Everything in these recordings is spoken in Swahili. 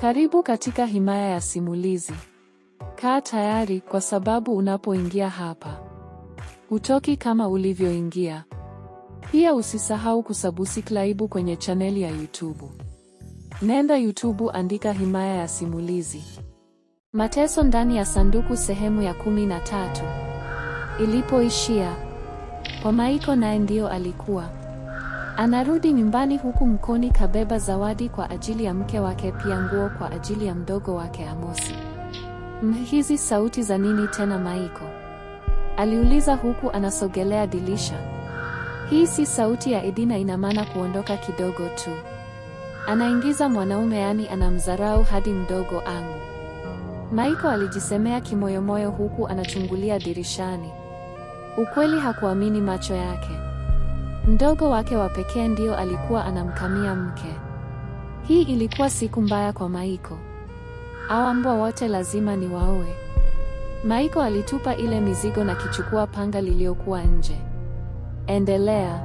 Karibu katika himaya ya simulizi. Kaa tayari kwa sababu unapoingia hapa hutoki kama ulivyoingia. Pia usisahau kusabusi klaibu kwenye chaneli ya YouTube. Nenda YouTube, andika himaya ya simulizi. Mateso ndani ya sanduku sehemu ya kumi na tatu. Ilipoishia, maiko naye ndiyo alikuwa Anarudi nyumbani huku Mkoni kabeba zawadi kwa ajili ya mke wake, pia nguo kwa ajili ya mdogo wake Amosi. Mhizi, sauti za nini tena Maiko? Aliuliza huku anasogelea dilisha. Hii si sauti ya Edina, ina maana kuondoka kidogo tu. Anaingiza mwanaume, yani anamdharau hadi mdogo angu. Maiko alijisemea kimoyomoyo huku anachungulia dirishani. Ukweli hakuamini macho yake. Mdogo wake wa pekee ndio alikuwa anamkamia mke. Hii ilikuwa siku mbaya kwa Maiko. Hawa mbwa wote lazima ni waoe. Maiko alitupa ile mizigo na kichukua panga liliokuwa nje. Endelea.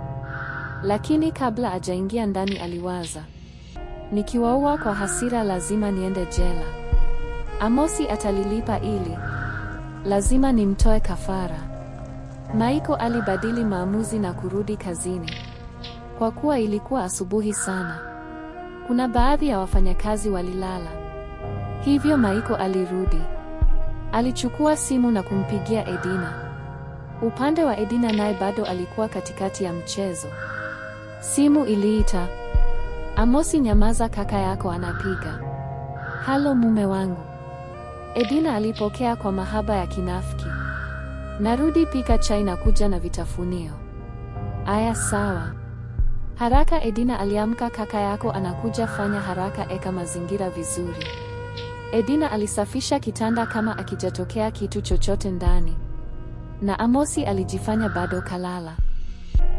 Lakini kabla ajaingia ndani aliwaza. Nikiwaua kwa hasira lazima niende jela. Amosi atalilipa ili. Lazima nimtoe kafara. Maiko alibadili maamuzi na kurudi kazini. Kwa kuwa ilikuwa asubuhi sana, kuna baadhi ya wafanyakazi walilala, hivyo Maiko alirudi. Alichukua simu na kumpigia Edina. Upande wa Edina naye bado alikuwa katikati ya mchezo. Simu iliita. Amosi, nyamaza, kaka yako anapiga. Halo, mume wangu. Edina alipokea kwa mahaba ya kinafiki. Narudi pika chai na kuja na vitafunio. Aya, sawa. Haraka. Edina aliamka. Kaka yako anakuja, fanya haraka, eka mazingira vizuri. Edina alisafisha kitanda kama akijatokea kitu chochote ndani, na Amosi alijifanya bado kalala.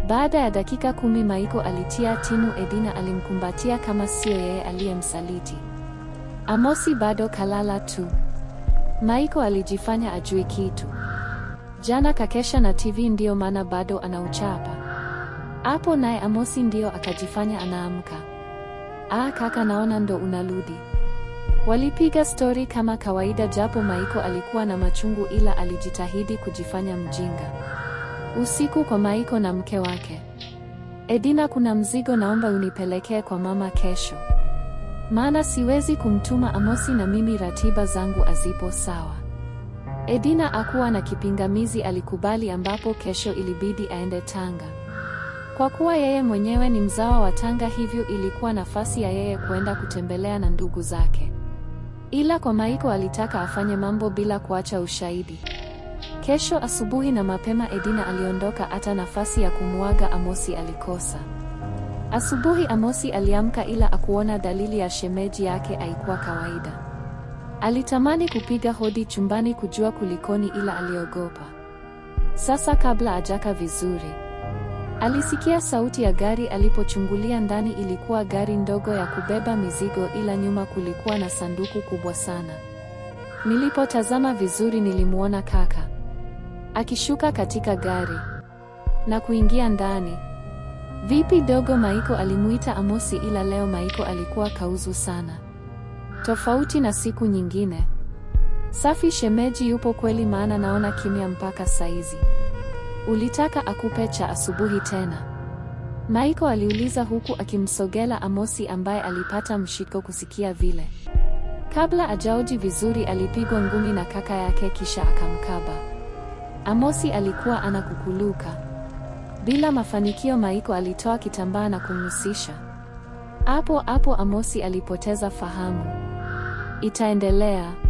Baada ya dakika kumi Maiko alitia timu. Edina alimkumbatia kama siyo yeye aliyemsaliti. Amosi bado kalala tu. Maiko alijifanya ajui kitu. Jana kakesha na TV ndiyo maana bado anauchapa. Hapo naye Amosi ndiyo akajifanya anaamka. Ah, kaka naona ndo unarudi. Walipiga stori kama kawaida japo Maiko alikuwa na machungu ila alijitahidi kujifanya mjinga. Usiku kwa Maiko na mke wake. Edina, kuna mzigo naomba unipelekee kwa mama kesho. Maana siwezi kumtuma Amosi na mimi ratiba zangu azipo sawa. Edina akuwa na kipingamizi, alikubali, ambapo kesho ilibidi aende Tanga. Kwa kuwa yeye mwenyewe ni mzawa wa Tanga, hivyo ilikuwa nafasi ya yeye kuenda kutembelea na ndugu zake. Ila kwa Maiko alitaka afanye mambo bila kuacha ushahidi. Kesho asubuhi na mapema Edina aliondoka, hata nafasi ya kumuaga Amosi alikosa. Asubuhi Amosi aliamka, ila akuona dalili ya shemeji yake haikuwa kawaida. Alitamani kupiga hodi chumbani kujua kulikoni, ila aliogopa. Sasa kabla ajaka vizuri, alisikia sauti ya gari. Alipochungulia ndani, ilikuwa gari ndogo ya kubeba mizigo, ila nyuma kulikuwa na sanduku kubwa sana. Nilipotazama vizuri, nilimwona kaka akishuka katika gari na kuingia ndani. Vipi dogo, Maiko alimuita Amosi, ila leo Maiko alikuwa kauzu sana. Tofauti na siku nyingine. Safi shemeji yupo kweli maana naona kimya mpaka saizi. Ulitaka akupe cha asubuhi tena? Maiko aliuliza huku akimsogela Amosi ambaye alipata mshiko kusikia vile. Kabla ajaoji vizuri alipigwa ngumi na kaka yake kisha akamkaba. Amosi alikuwa anakukuluka. Bila mafanikio Maiko alitoa kitambaa na kumhusisha. Hapo hapo Amosi alipoteza fahamu itaendelea.